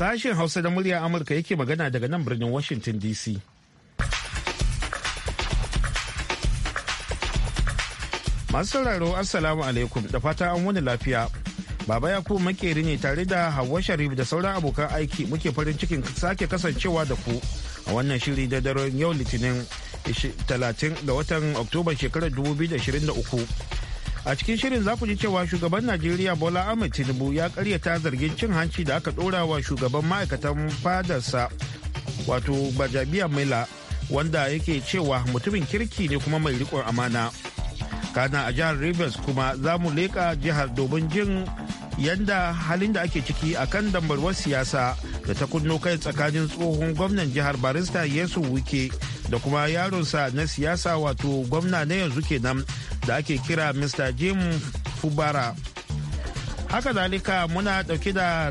Sashen Hausa da murya Amurka yake magana daga nan birnin Washington DC. Masu sauraro Assalamu alaikum da fata an wani lafiya. Baba Yakubu makeri ne tare da Hauwa Sharif da sauran abokan aiki muke farin cikin sake kasancewa da ku a wannan shiri da daren yau Litinin 30 ga watan Oktoba shekarar 2023. a cikin shirin za ku ji cewa shugaban najeriya bola ahmed tinubu ya karyata zargin cin hanci da aka dora wa shugaban ma'aikatan fadarsa wato bajabiya mila wanda yake cewa mutumin kirki ne kuma mai rikon amana kana a jihar rivers kuma za mu leƙa jihar domin jin yadda halin da ake ciki a kan dambarwar siyasa da ta kunno kai tsakanin tsohon gwamnan jihar barista yesu wike da kuma yaronsa na siyasa wato gwamna na yanzu kenan da ake kira mr jim fubara haka zalika muna dauke da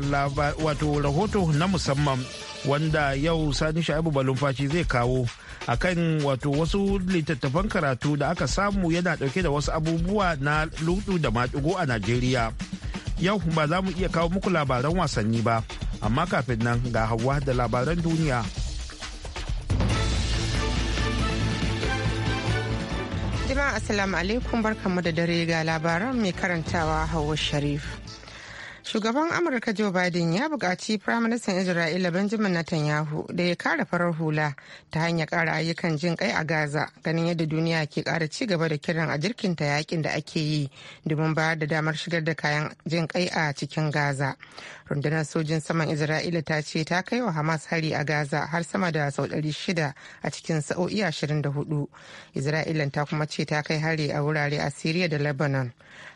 wato rahoto na musamman wanda yau sani sha'ibu balumfashi zai kawo akan wato wasu littattafan karatu da aka samu yana dauke da wasu abubuwa na ludu da maɗigo a najeriya yau ba za mu iya kawo muku labaran wasanni ba amma kafin nan ga hawa da labaran duniya jama'a assalamu alaikum barkamu da dare ga labaran mai karantawa Hauwa Sharif. Shugaban Amurka Joe Biden ya buƙaci Firaministan Isra'ila Benjamin Netanyahu da ya kara farar hula ta hanyar ƙara ayyukan jin kai a Gaza ganin yadda duniya ke kara ci gaba da kiran a jirkinta yakin da ake yi domin bayar da damar shigar da kayan jin kai a cikin Gaza. Rundunar sojin saman Isra'ila ta ce ta kai wa Hamas hari a Gaza har sama da sau shida a cikin sa'o'i hudu Isra'ilan ta kuma ce ta kai hari a wurare a Siriya da Lebanon.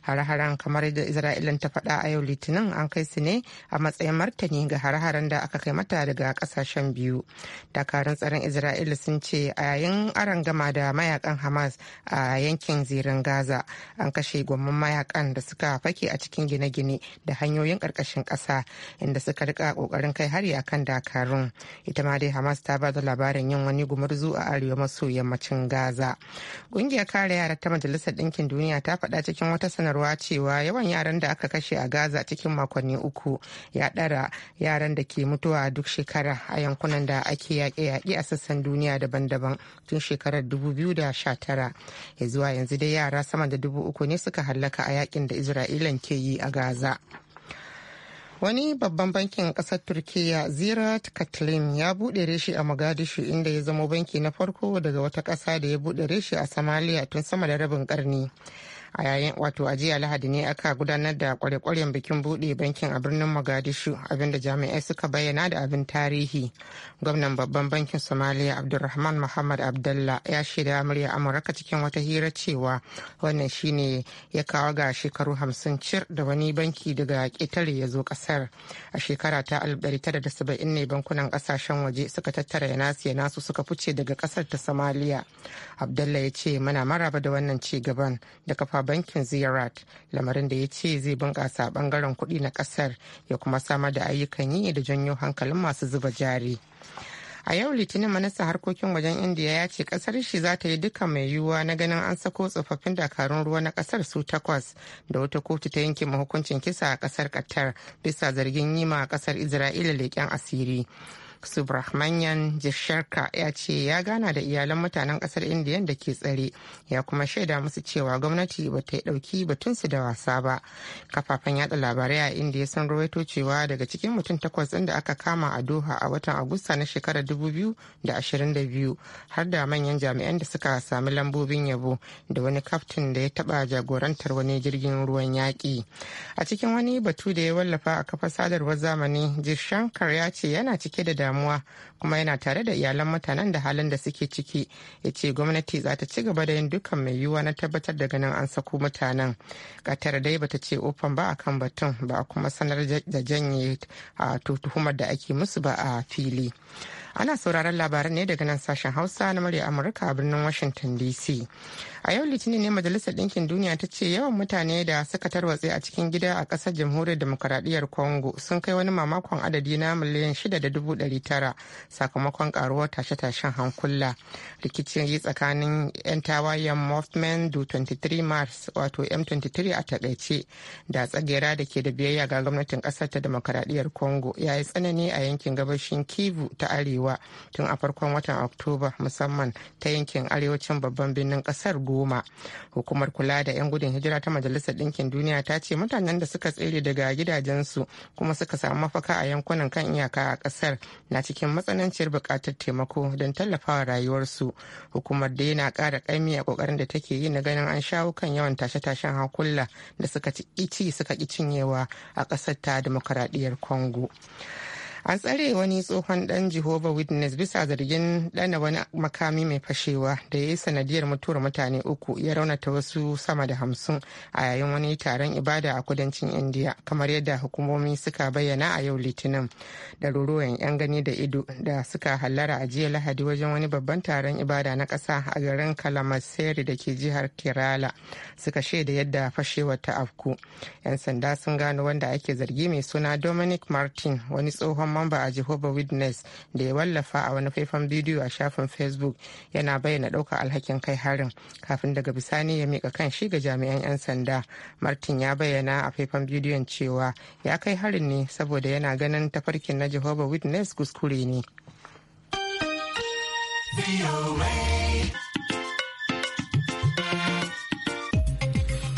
hare-haren kamar da isra'ila ta faɗa a yau litinin an kai su ne a matsayin martani ga hare-haren da aka kai mata daga kasashen biyu dakarun tsaron isra'ila sun ce a yayin aron gama da mayakan hamas a yankin zirin gaza an kashe gwamman mayakan da suka fake a cikin gine-gine da hanyoyin ƙarƙashin ƙasa inda suka rika ƙoƙarin kai hari akan dakarun ita ma dai hamas ta ba da labarin yin wani gumurzu a arewa maso yammacin gaza ƙungiyar kare yara ta majalisar ɗinkin duniya ta faɗa cikin wata sanar sanarwa cewa yawan yaran da aka kashe a gaza cikin makonni uku ya ɗara yaran da ke mutuwa duk shekara a yankunan da ake yaƙe-yaƙe a sassan duniya daban-daban tun shekarar 2019 ya zuwa yanzu dai yara sama da dubu uku ne suka hallaka a yakin da isra'ilan ke yi a gaza wani babban bankin kasar turkiya zirat katlin ya bude reshe a magadishu inda ya zama banki na farko daga wata kasa da ya bude reshe a somalia tun sama da rabin karni a yayin wato a jiya lahadi ne aka gudanar da kwarekwaren bikin bude bankin a birnin Magadishu abinda jami'ai suka bayyana da abin tarihi gwamnan babban bankin somaliya abdulrahman muhammad abdullah ya shaida murya amurka cikin wata hira cewa wannan shine ya kawo ga shekaru hamsin cir da wani banki daga ƙetare ya zo ƙasar a shekara ta saba'in ne bankunan ƙasashen waje suka tattara ya nasu ya nasu suka fice daga ƙasar ta somaliya abdullah ya ce muna maraba da wannan ci gaban da kafa bankin ziyarat lamarin da ya ce zai bunƙasa bangaren kuɗi na ƙasar ya kuma samar da ayyukan yi da janyo hankalin masu zuba jari a yau litinin manasa harkokin wajen indiya ya ce kasar shi za ta yi duka mai yiwuwa na ganin an sako tsofaffin dakarun ruwa na kasar su takwas da wata kotu ta yanke mahukuncin kisa a kasar qatar bisa zargin yi ma kasar isra'ila leƙen asiri Subrahmanyan Jisharka ya ce ya gana da iyalan mutanen kasar Indiya da ke tsare ya kuma shaida musu cewa gwamnati ba ta yi ɗauki su da wasa ba. Kafafen yada labarai a Indiya sun rawaito cewa daga cikin mutum takwas ɗin da aka kama a Doha a watan Agusta na shekarar biyu har da manyan jami'an da suka sami lambobin yabo da wani kaftin da ya taba jagorantar wani jirgin ruwan yaƙi. A cikin wani batu da ya wallafa a kafar sadarwar zamani, Jishankar ya ce yana cike da damuwa damuwa kuma yana tare da iyalan mutanen da halin da suke ciki ya ce gwamnati za ta ci gaba da yin dukkan mai yiwuwa na tabbatar da ganin an sako mutanen katar dai bata ce ofan ba a kan batun ba kuma sanar da janye a tuhumar da ake musu ba a fili ana sauraron labaran ne daga nan sashen hausa na murya amurka a birnin washington dc a yau litinin ne majalisar ɗinkin duniya ta ce yawan mutane da suka tarwatse a cikin gida a ƙasar jamhuriyar demokaradiyyar congo sun kai wani mamakon adadi na miliyan shida da dubu sakamakon karuwar tashe-tashen hankula yi tsakanin 'yan tawayen movement du 23 mars wato m23 a takaice da tsagera da ke da biyayya ga gwamnatin kasar ta demokaradiyyar congo ya yi tsanani a yankin gabashin kivu ta arewa tun a farkon watan oktoba musamman ta yankin arewacin babban birnin kasar goma hukumar kula da 'yan gudun hijira ta majalisar ɗinkin duniya ta ce mutanen da suka tsere daga gidajensu kuma suka samu mafaka a yankunan kan iyaka a kasar na cikin matsa matsananciyar buƙatar taimako don tallafawa rayuwarsu hukumar da yana kara ƙaimi a kokarin da take yi na ganin an shawo kan yawan tashe-tashen hakulla da suka ci suka ƙi cinyewa a ƙasar ta demokaradiyyar congo an tsare wani tsohon dan jehova witness bisa zargin dana wani makami mai fashewa da ya yi sanadiyar mutuwar mutane uku ya raunata wasu sama da hamsin a yayin wani taron ibada a kudancin india kamar yadda hukumomi suka bayyana a yau litinin ruruwan 'yan gani da ido da suka hallara a jiya lahadi wajen wani babban taron ibada na kasa a garin kalamaseri da ke jihar kerala suka shaida yadda fashewar ta afku 'yan sanda sun gano wanda ake zargi mai suna dominic martin wani tsohon mamba a jehovah witness da ya wallafa a wani faifan bidiyo a shafin facebook yana bayyana ɗaukar alhakin kai harin kafin daga bisani ya miƙa kan shi ga jami'an 'yan sanda martin ya bayyana a faifan bidiyon cewa ya kai harin ne saboda yana ganin tafarkin na jehovah witness kuskure ne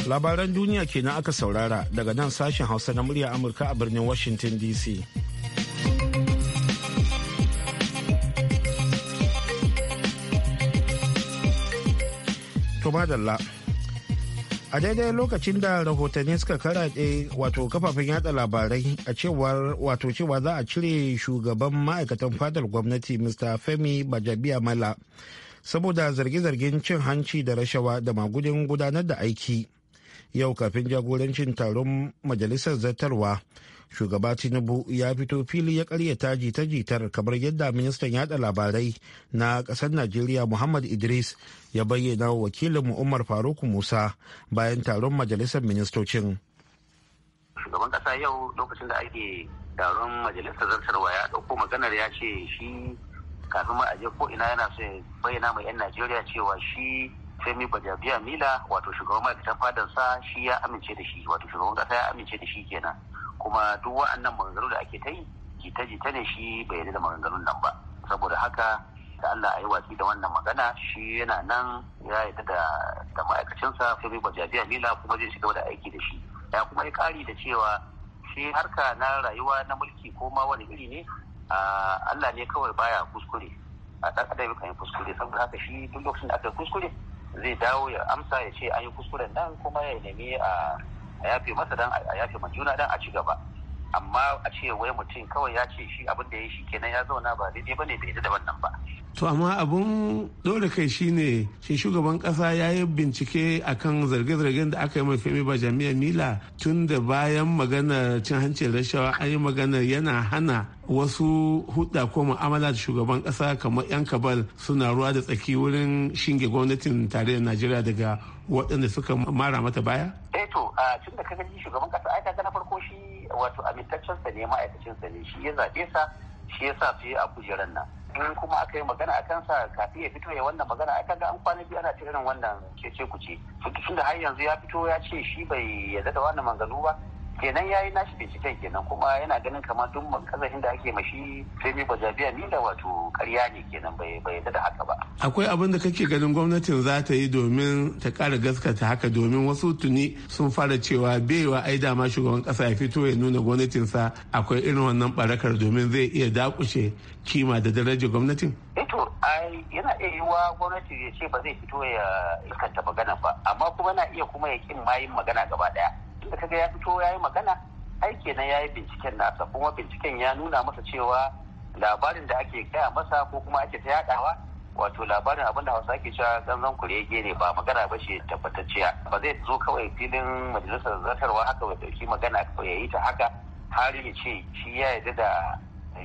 labaran duniya kenan aka saurara daga nan sashen hausa na murya amurka a birnin washington dc dalla a daidai lokacin da rahotanni suka karaɗe wato kafafen yada labarai a cewar wato cewa za a cire shugaban ma'aikatan fadar gwamnati mr femi bajabiya mala saboda zarge-zargen cin hanci da rashawa da magudin gudanar da aiki yau kafin jagorancin taron majalisar zartarwa shugaba tinubu ya fito fili ya karyata jita-jitar kamar yadda ministan yada labarai na kasar najeriya muhammad idris ya bayyana wa wakilinmu umar faruk musa bayan taron majalisar ministocin shugaban kasa yau lokacin da ake taron majalisar zartarwa ya dauko maganar ya ce shi kafin ma ko ina yana so ya bayyana mai yan najeriya cewa shi Femi Bajabiya Mila wato shugaban ma'aikatan fadarsa shi ya amince da shi wato shugaban kasa ya amince da shi kenan kuma duk wa'annan maganganu da ake ta yi jita-jita ne shi bai yarda da maganganun nan ba saboda haka da Allah a yi watsi da wannan magana shi yana nan ya yarda da da ma'aikacinsa bai Bajabiya Mila kuma zai shiga da aiki da shi ya kuma yi kari da cewa shi harka na rayuwa na mulki ko ma wani iri ne Allah ne kawai baya kuskure a ɗan adam kan yi kuskure saboda haka shi duk lokacin da aka kuskure zai dawo ya amsa ya ce an yi kuskuren nan kuma ya nemi a a yafe masa dan a yafe ma juna dan a ci gaba amma a ce wai mutum kawai ya ce shi abin da ya shi kenan ya zauna ba daidai ba bai da wannan ba. To amma abun dole kai shine shi shugaban kasa ya yi bincike akan zarge-zargen da aka yi mai femi ba jami'a mila tun da bayan magana cin hancin rashawa an yi magana yana hana wasu hudda ko mu'amala da shugaban kasa kamar yan kabal suna ruwa da tsaki wurin shinge gwamnatin tarayyar najeriya daga waɗanda suka mara mata baya? eh to a tun da kaga shugaban kasa ai ga na farko shi wato amintaccen sa ne ma'aikacin sa ne shi ya zabe sa shi ya sa su yi a kujerar nan in kuma aka yi magana a kansa kafin ya fito ya wannan magana ai ga an kwana biyu ana cikin wannan kece kuce da har yanzu ya fito ya ce shi bai yarda da wannan manganu ba kenan ya yi nashi binciken kenan kuma yana ganin kamar duk kasashen da ake mashi sai ba zabiya ni da wato karya ne kenan bai bai da haka ba akwai abin da kake ganin gwamnatin za ta yi domin ta ƙara gaskata haka domin wasu tuni sun fara cewa baiwa ai dama shugaban kasa ya fito ya nuna gwamnatinsa akwai irin wannan barakar domin zai iya dakushe kima da darajar gwamnatin eh to ai yana iya wa gwamnati ya ce ba zai fito ya iskanta magana ba amma kuma na iya kuma ya kin mayin magana gaba daya da kaga ya fito ya yi magana aiki na ya yi binciken nasa kuma binciken ya nuna masa cewa labarin da ake gaya masa ko kuma ake ta yadawa wato labarin abin da hausa ke cewa ganzon kurege ne ba magana ba shi tabbatacciya ba zai zo kawai filin majalisar zartarwa haka bai dauki magana ya yi ta haka har ya ce shi ya yarda da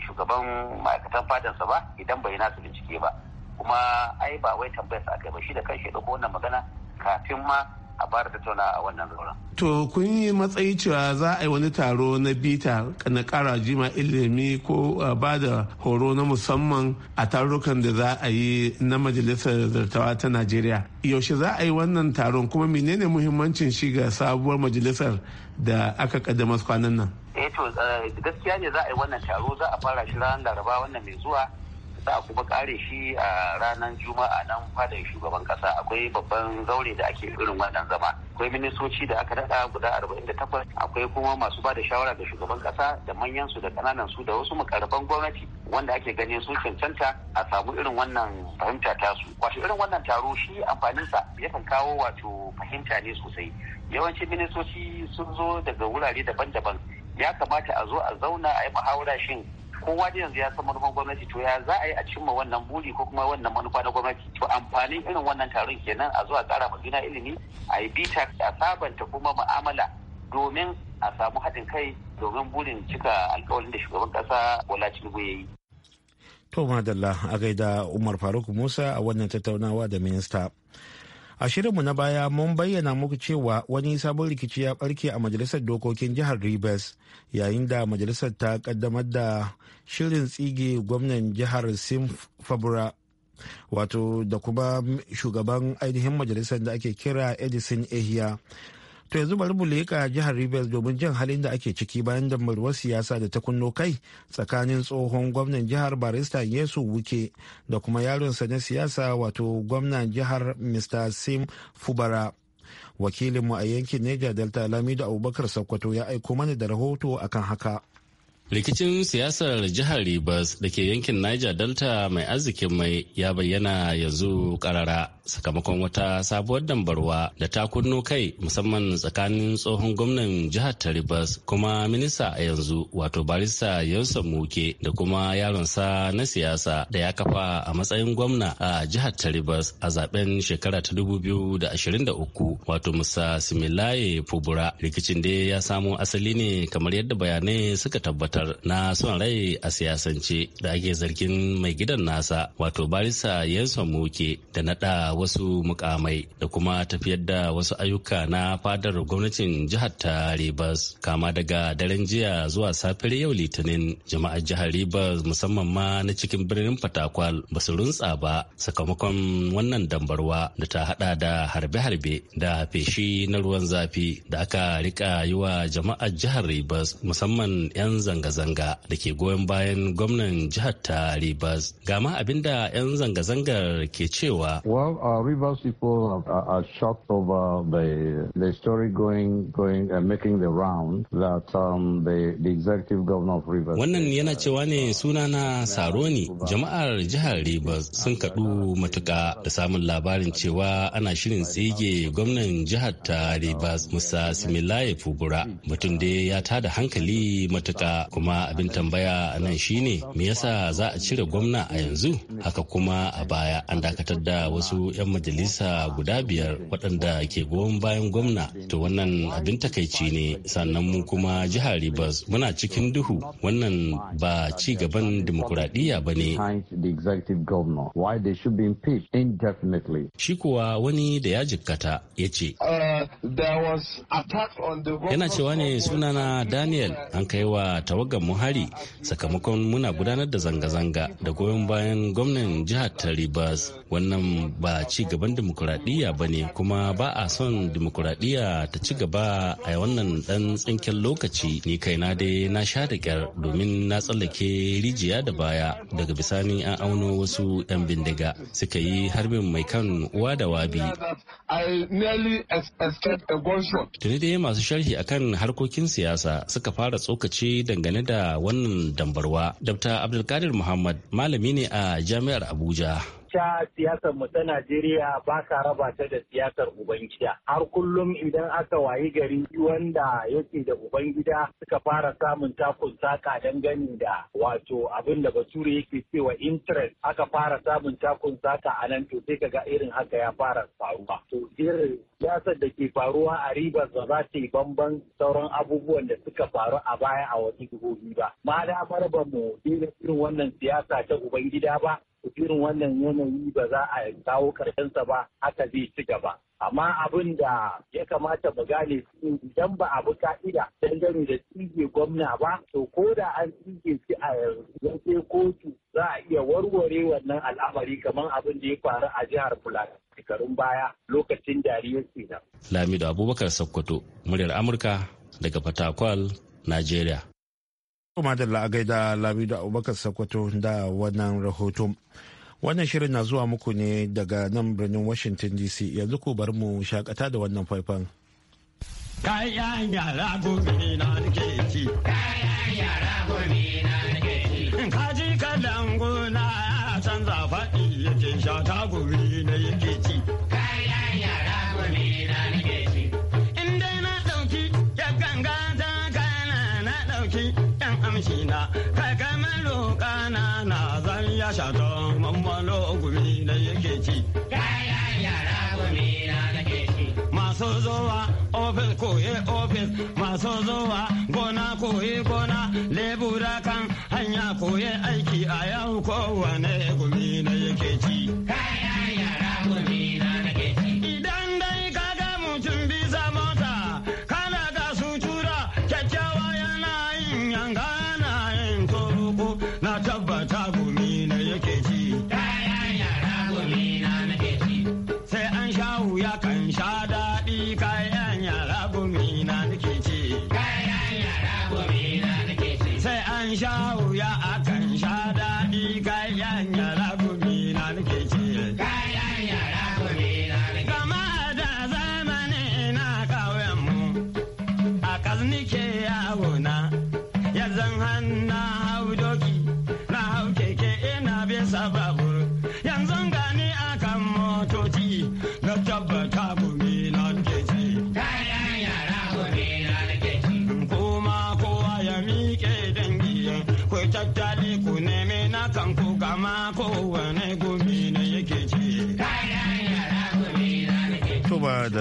shugaban ma'aikatan fadansa ba idan bai nasu bincike ba kuma ai ba wai sa aka ba shi da kanshi ya dauko wannan magana kafin ma a fara tattauna a wannan zauren. To kun yi matsayi cewa za a yi wani taro na bita na kara jima ilimi ko ba da horo na musamman a tarukan da za a yi na majalisar zartawa ta Najeriya. Yaushe za a yi wannan taron kuma menene muhimmancin shi ga sabuwar majalisar da aka kaddama kwanan nan? Eh to eh, gaskiya ne za a yi wannan taro za a fara shi ranar laraba wannan mai zuwa za a kuma kare shi a ranar juma'a nan fadar shugaban kasa akwai babban zaure da ake irin wannan zama akwai ministoci da aka daɗa guda arba'in da takwas akwai kuma masu ba da shawara da shugaban kasa da manyan su da kananan su da wasu makarban gwamnati wanda ake ganin su cancanta a samu irin wannan fahimta tasu wato irin wannan taro shi amfaninsa yakan kawo wato fahimta ne sosai yawancin ministoci sun zo daga wurare daban-daban ya kamata a zo a zauna a yi muhawara shin kowa da yanzu ya san manufan gwamnati to ya za a yi a cimma wannan buri ko kuma wannan manufa na gwamnati to amfani irin wannan taron kenan a zuwa tsara ma juna ilimi a yi bita a sabanta kuma mu'amala domin a samu haɗin kai domin burin cika alkawarin da shugaban ƙasa Bola Tinubu ya yi. To madalla a gaida Umar Faruk Musa a wannan tattaunawa da minista. A shirinmu na baya mun bayyana muku cewa wani sabon rikici ya barke a majalisar dokokin jihar Rivers yayin da majalisar ta kaddamar da shirin tsige gwamnan jihar Sim Fabra wato da kuma shugaban ainihin majalisar da ake kira Edison Ehiya. To yanzu bari mu leƙa jihar Rivers domin jin halin da ake ciki bayan da damarwar siyasa da ta kunno kai tsakanin tsohon gwamnan jihar Barista Yesu Wuke da kuma yaronsa na siyasa wato gwamnan jihar Mr. Sim Fubara. Wakilinmu a yankin Neja Delta Lamido Abubakar Sokoto ya aiko mana da rahoto akan haka. Rikicin siyasar jihar Ribas da ke yankin Niger Delta mai arzikin mai ya bayyana yanzu karara sakamakon wata sabuwar dambarwa da ta kunno kai musamman tsakanin tsohon gwamnan jihar ta Rivers kuma minista a yanzu wato barista Yansa Muke da kuma yaronsa na siyasa da ya kafa a matsayin gwamna a jihar ta Rivers a zaben shekara ta 2023 wato Musa Similaye Fubura. Rikicin dai ya samo asali ne kamar yadda bayanai suka tabbata. gabatar na son rai a siyasance da ake zargin mai gidan nasa wato barista yanson muke da naɗa wasu mukamai da kuma tafiyar da wasu ayyuka na fadar gwamnatin jihar ta Ribas kama daga daren jiya zuwa safiyar yau litinin jama'ar jihar Ribas musamman ma na cikin birnin Fatakwal ba su runtsa ba sakamakon wannan dambarwa da ta hada da harbe-harbe da feshi na ruwan zafi da aka rika yi wa jama'ar jihar Ribas musamman 'yan zanga zanga-zanga da ke goyon bayan gwamnan jihar ta Rivers. Ga ma abin da 'yan zanga-zangar ke cewa. Well, uh, Rivers people are, are shocked over the, the story going, uh, making the round that um, the, executive governor of Rivers. Wannan yana uh, cewa ne sunana Saroni jama'ar jihar Rivers sun kaɗu matuka da samun labarin cewa ana shirin tsige gwamnan jihar ta Rivers Musa Similaye Fubura. Mutum dai ya tada hankali matuka. kuma abin tambaya a nan shine me yasa za a cire gwamna a yanzu haka kuma a baya an dakatar da wasu 'yan majalisa guda biyar waɗanda ke goyon bayan gwamna to wannan abin takaici ne sannan mu kuma jihar Rivers muna cikin duhu wannan ba ci gaban dimokuraɗiyya ba ne. Shi kuwa wani da ya jikkata ya ce. Uh, Yana cewa ne sunana Daniel an kai wa tawagar muhari sakamakon muna gudanar da zanga-zanga da goyon bayan gwamnan jihar ta wannan ba ci gaban dimokuraɗiyya ba ne kuma ba a son dimokuraɗiyya ta ci gaba a wannan ɗan tsinken lokaci ni na dai na sha da kyar domin na tsallake rijiya da baya daga bisani an auno wasu 'yan bindiga suka yi harbin mai kan uwa da wabi tuni dai masu sharhi akan harkokin siyasa suka fara tsokaci dangane dangane da wannan dambarwa. Dr. Abdulkadir Muhammad malami ne a Jami'ar Abuja ita siyasar mu ta Najeriya ba ka raba ta da siyasar Ubangida. Har kullum idan aka wayi gari wanda yake da Ubangida suka fara samun takun saka gani da wato abin da Bature yake cewa interest aka fara samun takun saka a nan to sai ga irin haka ya fara faruwa. To irin siyasar da ke faruwa a ribar ba za ta yi bamban sauran abubuwan da suka faru a baya a wasu jihohi ba. Ma da mu irin wannan siyasa ta Ubangida ba irin wannan yanayi ba za a kawo karshensa ba haka zai ci gaba. Amma abin da ya kamata mu gane idan ba a bi ka'ida dangane da tsige gwamna ba, to ko da an tsige shi a yanzu sai kotu za a iya warware wannan al'amari kamar abin da ya faru a jihar Fulani shekarun baya lokacin dariyar Sina. Lamido Abubakar Sokoto, muryar Amurka daga Fatakwal, Najeriya. Kuma da la'agai da Abubakar Sokoto da wannan rahoto. Wannan shirin na zuwa muku ne daga nan birnin Washington DC yanzu ku bar mu shakata da wannan faifan. Kayan yara gobe ya canza faɗi yake ce shata gobe na yi. shata mammalo gumi na yake ci. yara gumi na nake ci. Masu zowa ofis koye ofis masu zowa gona koye gona lebura kan hanya koye aiki a yau kowane gumi na yake ci. Kayan yara gumi na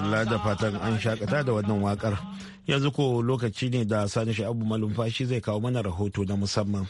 madalla da fatan an shakata da wannan wakar yanzu ko lokaci ne da sani sha'abu malumfashi zai kawo mana rahoto na musamman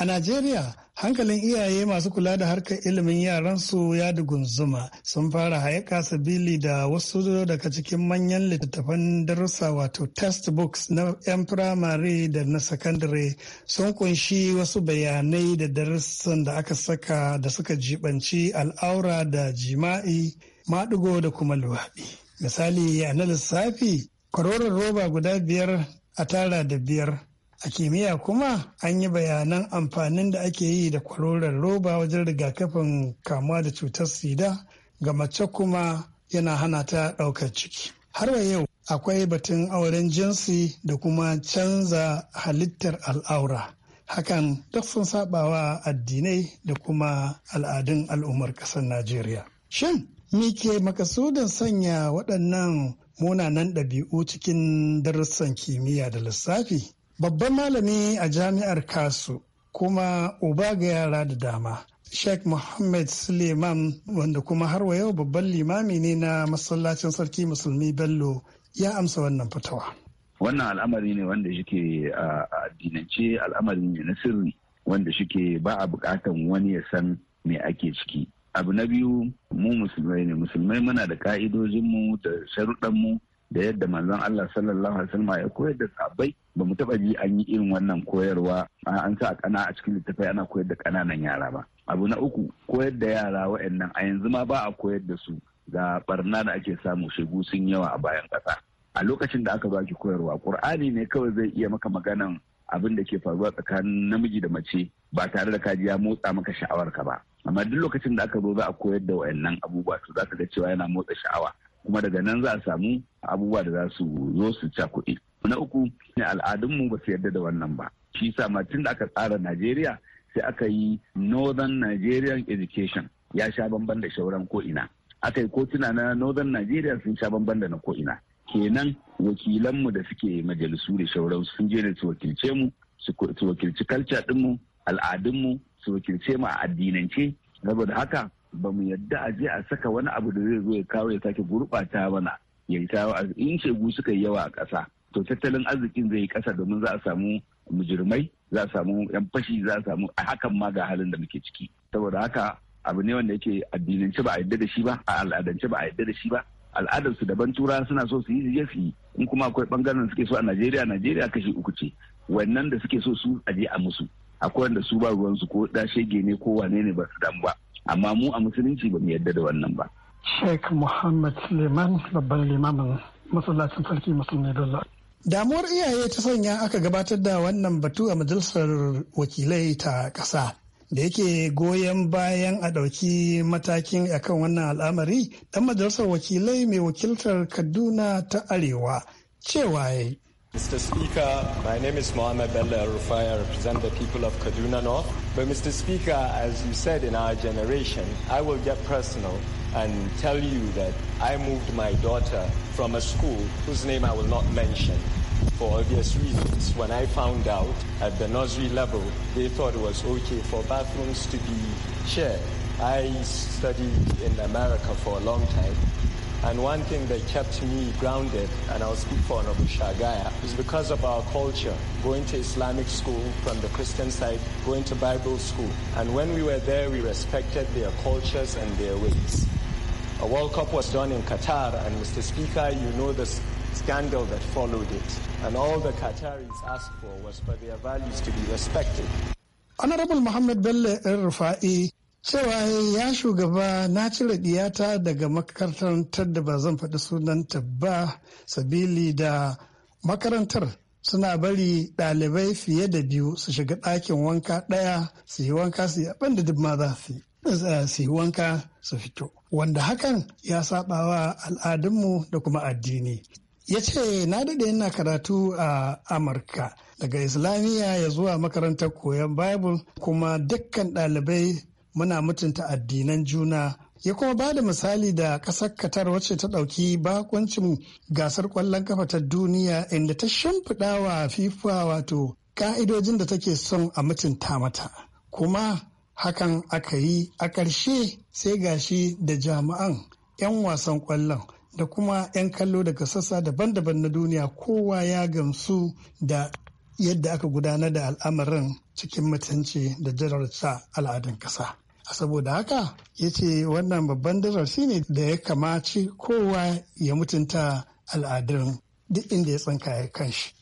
a najeriya hankalin iyaye masu kula da harkar ilimin yaransu ya dugunzuma sun fara hayaka sabili da wasu daga cikin manyan littattafan darussa wato test books na 'yan firamare da na sakandare sun kunshi wasu bayanai da darussan da aka saka da suka jibanci al'aura da jima'i maɗigo da kuma luwaɗi misali a na lissafi kwaroron roba guda biyar a tara da biyar a kimiyya kuma an yi bayanan amfanin da ake yi da kwaroron roba wajen rigakafin kamuwa da cutar sida ga mace kuma yana hana ta ɗaukar ciki har wa yau akwai batun auren jinsi da kuma canza halittar al'aura hakan duk sun saɓawa addinai da kuma al'adun al'ummar ƙasar najeriya shin Me ke makasudin sanya waɗannan munanan ɗabi'u cikin darussan kimiyya da lissafi? Babban malami a jami'ar Kasu kuma uba ga yara da dama. Sheikh Muhammad Suleiman wanda kuma har wa yau babban limami ne na masallacin sarki musulmi Bello ya amsa wannan fitowa. Wannan al'amari ne wanda shike a addinance al'amari ne na sirri wanda shike ba a bukatan wani ya san me ake ciki. abu na biyu mu musulmai ne musulmai muna da ka'idojinmu da sharuɗanmu da yadda manzon Allah sallallahu alaihi wasallam ya koyar da sabai ba mu taba ji an yi irin wannan koyarwa an sa a kana a cikin littafai ana koyar da kananan yara ba abu na uku koyar da yara wa'annan a yanzu ma ba a koyar da su ga barna da ake samu shegu sun yawa a bayan ƙasa a lokacin da aka baki koyarwa qur'ani ne kawai zai iya maka maganan abin da ke faruwa tsakanin namiji da mace ba tare da kaji ya motsa maka sha'awarka ba amma duk lokacin da aka zo za a koyar da wayannan abubuwa to za ka ga cewa yana motsa sha'awa kuma daga nan za a samu abubuwa da za su zo su ca kuɗi. na uku ne al'adunmu ba su yarda da wannan ba shi sa ma tun da aka tsara najeriya sai aka yi northern nigerian education ya sha bamban da shauran ko'ina aka yi kotuna na northern nigeria sun sha bamban da na ko'ina kenan wakilanmu da suke majalisu da shauran sun je da su wakilce mu su wakilci mu al'adun mu. su wakilce mu a addinance saboda haka ba mu yadda a je a saka wani abu da zai zo ya kawo ya sake gurɓata mana ya kawo in shegu suka yi yawa a ƙasa to tattalin arzikin zai yi ƙasa domin za a samu mujirmai za a samu yan fashi za a samu a hakan ma ga halin da muke ciki saboda haka abu ne wanda yake addinance ba a yadda da shi ba a al'adance ba a yadda da shi ba al'adar su daban tura suna so su yi su yi in kuma akwai bangaren suke so a Najeriya Najeriya kashi uku ce wannan da suke so su aje a musu akwai wanda su ba ruwansu ko shege ne ko wane ne ba su damu ba amma mu a musulunci ba mu yadda da wannan ba. Sheikh Muhammad Suleiman babban limamin masallacin sarki musulmi dalla. Damuwar iyaye ta sanya aka gabatar da wannan batu a majalisar wakilai ta ƙasa. Da yake goyon bayan a ɗauki matakin akan wannan al'amari, ɗan majalisar wakilai mai wakiltar Kaduna ta Arewa cewa ya Mr. Speaker, my name is Mohammed Bella Rufai. I represent the people of Kaduna North. But Mr. Speaker, as you said in our generation, I will get personal and tell you that I moved my daughter from a school whose name I will not mention for obvious reasons. When I found out at the nursery level, they thought it was okay for bathrooms to be shared. I studied in America for a long time and one thing that kept me grounded, and I'll speak for Honorable Shagaya, is because of our culture, going to Islamic school from the Christian side, going to Bible school. And when we were there, we respected their cultures and their ways. A World Cup was done in Qatar, and Mr. Speaker, you know the scandal that followed it. And all the Qataris asked for was for their values to be respected. Honorable Mohammed Bello El Rufai cewa ya shugaba na cire diyata daga makarantar da ba zan faɗi sunanta ba sabili da makarantar suna bari ɗalibai fiye da biyu su shiga ɗakin wanka ɗaya su yi wanka su yi abin da duk ma za su yi wanka su fito wanda hakan ya saɓawa al'adunmu da kuma addini ya ce na daɗe yana karatu a amurka daga islamiyya ya zuwa makarantar koyon bible kuma dukkan ɗalibai muna mutunta addinan juna ya kuma ba da misali da ƙasar Qatar wacce ta ɗauki bakoncin gasar ƙwallon kafa ta duniya inda ta shimfiɗa wa FIFA wato ƙa'idojin da take son a mutunta mata. Kuma hakan aka yi a ƙarshe sai gashi da jami'an 'yan wasan ƙwallon da kuma 'yan kallo daga sassa daban-daban na duniya kowa ya gamsu da yadda aka gudanar da al'amarin cikin mutunci da jararsa al'adun ƙasa. saboda haka ya ce wannan babban darasi ne da ya kamaci kowa ya mutunta al'adun duk inda ya tsanka ya kanshi.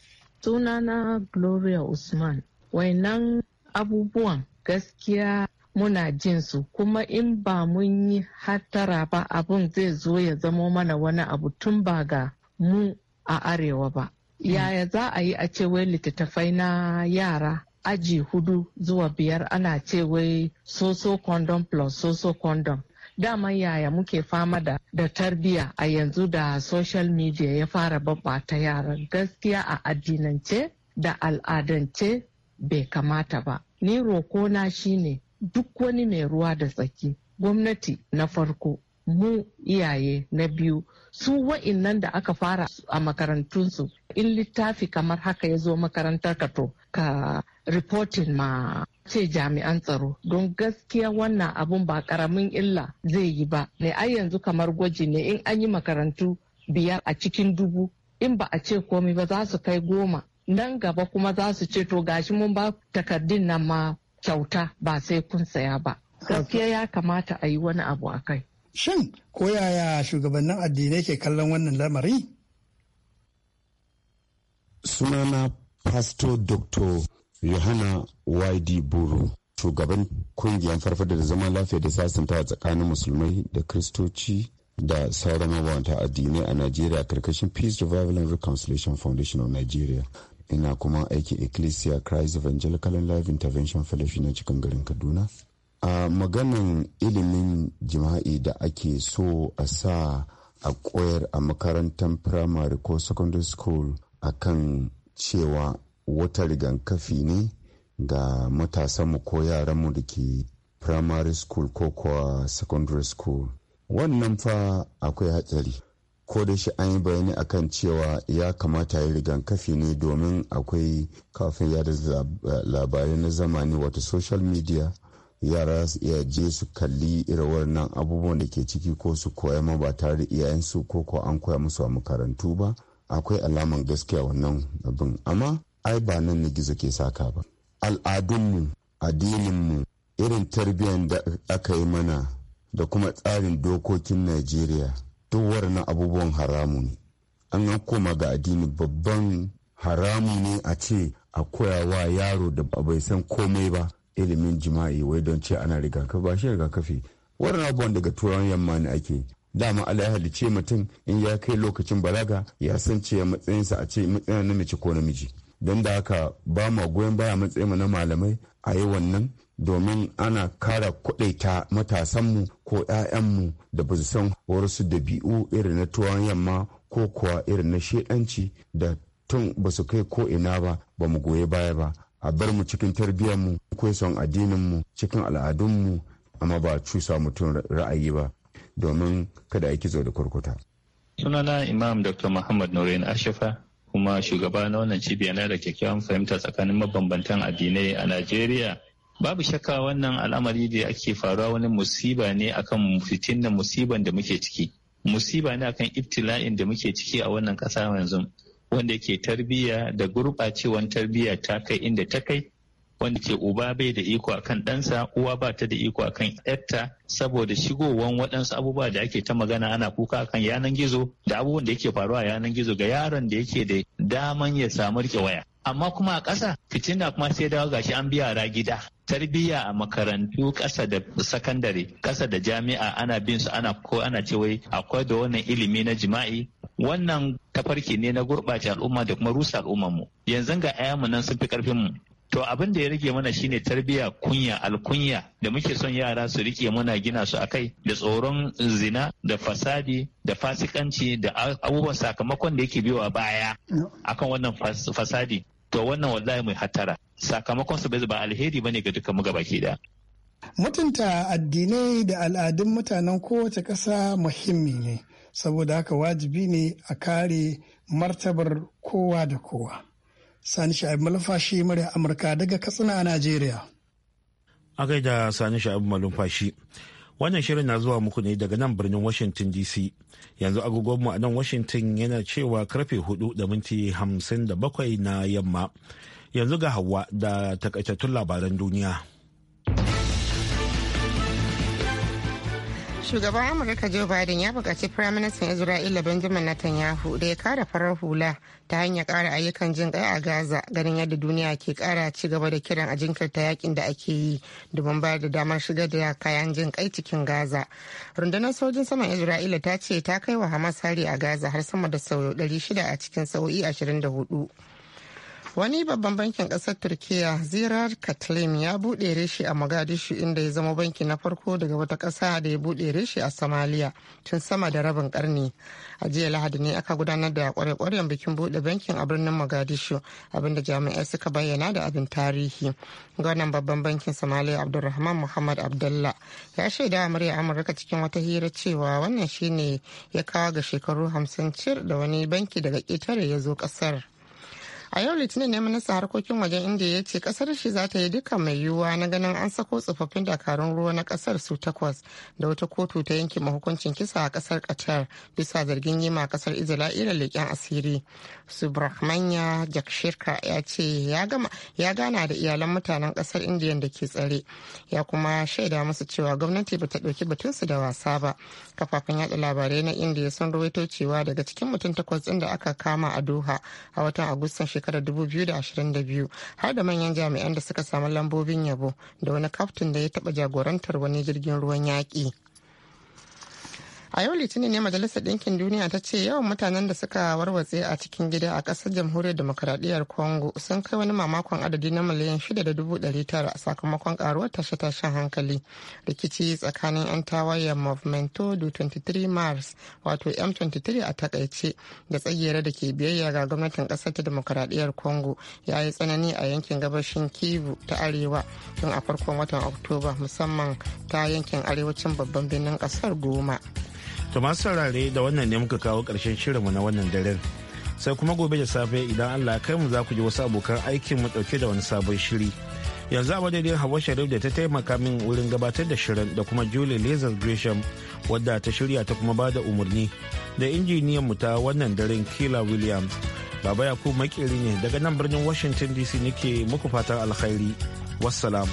sunana gloria usman wainan abubuwan gaskiya muna jin su kuma in ba mun yi hattara ba abun zai zo ya zamo mana wani abu tun ba ga mu a arewa ba mm. yaya za a yi a ce wai littattafai na yara aji hudu zuwa biyar ana ce wai soso condom plus soso condom dama yaya muke fama da da tarbiya a yanzu da social media ya fara ta yara gaskiya a addinance da al'adance bai kamata ba ni roƙona shine duk wani mai ruwa da tsaki gwamnati na farko mu iyaye na biyu su wa'innan da aka fara a makarantunsu in littafi kamar haka ya zo makarantar ka to ka reporting ma ce jami'an tsaro don gaskiya wannan abun ba karamin illa zai yi ba ne ai yanzu kamar gwaji ne in an yi makarantu biyar a cikin dubu in ba a ce komai ba za su kai goma nan gaba kuma za su ce to gashi mun ba takardun nan ma kyauta ba sai kun saya ba gaskiya ya kamata a yi wani abu a kai Shin ko yaya shugabannin addinai ke kallon wannan lamari? Sunana Pastor Dr. Yohana YD Buru, shugaban kungiyar farfada da zaman lafiya da sasanta tsakanin musulmai da kristoci da sauran mabawanta addinai a Najeriya karkashin Peace Revival and Reconciliation Foundation of Nigeria. Ina kuma aiki Ecclesia Christ Evangelical and Life Intervention Fellowship na cikin garin Kaduna. a maganan ilimin jima'i da ake so a sa a koyar a makarantar primary ko secondary school a kan cewa wata rigankafi ne ga matasanmu ko yaranmu da ke primary school ko kuwa secondary school wannan fa akwai hatsari ko da shi an yi bayani akan cewa ya kamata rigan rigankafi ne domin akwai kafin yada labarai na zamani wata social media yara su iya je su kalli irin wannan abubuwan da ke ciki ko su koya ma ba tare da iyayensu ko ko an koya musu a makarantu ba akwai alaman gaskiya wannan abin amma ai ba nan na gizo ke saka ba al'adunmu addininmu irin tarbiyyar da aka yi mana da kuma tsarin dokokin najeriya duk wannan abubuwan haramu ne an koma ga addini babban haramu ne a ce a koyawa yaro da bai san komai ba ilimin jima'i wai don ce ana rigakafi ba shi rigakafi wannan abubuwan daga turan yamma ne ake dama Allah ya ce mutum in ya kai lokacin balaga ya san ce matsayinsa a ce matsayin na mace ko namiji don da haka ba ma goyon baya matsayin na malamai a yi wannan domin ana kara kudaita matasanmu ko 'ya'yanmu da ba su san wasu dabi'u irin na tuwon yamma ko kuwa irin na shedanci da tun ba su kai ko ina ba ba mu goyi baya ba a bar mu cikin tarbiyyarmu kai son addininmu cikin al'adunmu amma ba cusa mutum ra'ayi ba domin kada a kitso da kurkuta. sunana imam dr muhammad nurin ashifa kuma shugaba na wannan cibiya na da kyakkyawan fahimta tsakanin mabambantan addinai a najeriya babu shakka wannan al'amari da ake faruwa wani musiba ne akan fitinnan musiban da muke ciki musiba ne akan ibtila'in da muke ciki a wannan ƙasa yanzu wanda ke tarbiyya da gurɓacewan tarbiyya ta kai inda ta kai wanda ke uba bai da iko akan ɗansa uwa ba ta da iko akan yarta saboda shigowan waɗansu abubuwa da ake ta magana ana kuka akan yanan gizo da abubuwan da yake faruwa yanan gizo ga yaron da yake da daman ya samu rike waya amma kuma a ƙasa fitina kuma sai dawo gashi an biya ra gida tarbiyya a makarantu ƙasa da sakandare ƙasa da jami'a ana bin su ana ko ana ce wai akwai da wannan ilimi na jima'i wannan tafarki ne na gurɓace al'umma da kuma rusa al'umma mu yanzu ga mu nan sun fi karfin mu to abin da ya rage mana shine tarbiyya kunya alkunya da muke son yara su rike muna gina su akai da tsoron zina da fasadi da fasikanci da abubuwan sakamakon da yake biyowa baya akan wannan fasadi to wannan wallahi mai hatara sakamakon su ba alheri bane ga dukkan mu gabaki da mutunta addinai da al'adun mutanen kowace ƙasa muhimmi ne saboda haka wajibi ne a kare martabar kowa da kowa sani sha'ib malfashi murya amurka daga katsina a najeriya a da sani sha'ib malfashi wannan shirin na zuwa muku ne daga nan birnin washington dc yanzu agogonmu a nan washington yana cewa karfe hudu da minti hamsin da bakwai na yamma yanzu ga hawa da takaitattun labaran duniya shugaban amurka joe biden ya buƙaci firaministan isra'ila benjamin netanyahu da ya kara farar hula ta hanyar kara ayyukan jin ƙai a gaza ganin yadda duniya ke kara ci gaba da kiran a jinkirta yakin da ake yi domin bayar da damar shigar da kayan jin ƙai cikin gaza rundunar sojin saman isra'ila ta ce ta kai wa hamas hari a gaza har sama da sau 600 a cikin sa'o'i 24 wani babban bankin kasar turkiya zirar katlim ya buɗe reshe a mogadishu inda ya zama banki na farko daga wata kasa da ya buɗe reshe a somalia tun sama da rabin karni a jiya lahadi ne aka gudanar da kwarekwaren bikin buɗe bankin a birnin mogadishu abinda jami'ai suka bayyana da abin tarihi gwanan babban bankin somalia abdulrahman muhammad abdullah ya shaida wa murya amurka cikin wata hira cewa wannan shine ya kawo ga shekaru hamsin cir da wani banki daga ƙetare ya zo ƙasar. a yau litinin ne minista harkokin wajen indiya ya ce kasar shi za ta yi duka mai yiwuwa na ganin an sako tsofaffin dakarun ruwa na kasar su takwas da wata kotu ta yanke mahukuncin kisa a kasar katar bisa zargin yi ma kasar isra'ila leƙen asiri subrahmanya jakshirka ya ce ya gana da iyalan mutanen kasar indiya da ke tsare ya kuma shaida musu cewa gwamnati ba ta ɗauki batunsu da wasa ba kafafen yada labarai na indiya sun rawaito cewa daga cikin mutum takwas ɗin da aka kama a doha a watan agustan shekaru shekarar 2022 har da manyan jami'an da suka samu lambobin yabo da wani kaftin da ya taɓa jagorantar wani jirgin ruwan yaƙi. a yau litinin ne majalisar ɗinkin duniya ta ce yawan mutanen da suka warwatse a cikin gida a ƙasar jamhuriyar demokaradiyyar congo sun kai wani mamakon adadi na miliyan shida da dubu ɗari tara sakamakon karuwar tashe-tashen hankali rikici tsakanin 'yan tawayen movimento du 23 mars wato m23 a takaice da tsagiyar da ke biyayya ga gwamnatin ƙasar ta demokaradiyyar congo ya yi tsanani a yankin gabashin kivu ta arewa tun a farkon watan oktoba musamman ta yankin arewacin babban birnin ƙasar goma. To masu saurare da wannan ne muka kawo ƙarshen shirinmu na wannan daren. Sai kuma gobe da safe idan Allah ya kai mu za ku ji wasu abokan aikin mu ɗauke da wani sabon shiri. Yanzu a madadin Hawa Sharif da ta taimaka min wurin gabatar da shirin da kuma Julie Lazar Gresham wadda ta shirya ta kuma bada umarni da injiniyan mu ta wannan daren Kila Williams. Baba Yakubu makeri ne daga nan birnin Washington DC nake muku fatan alkhairi. Wassalam.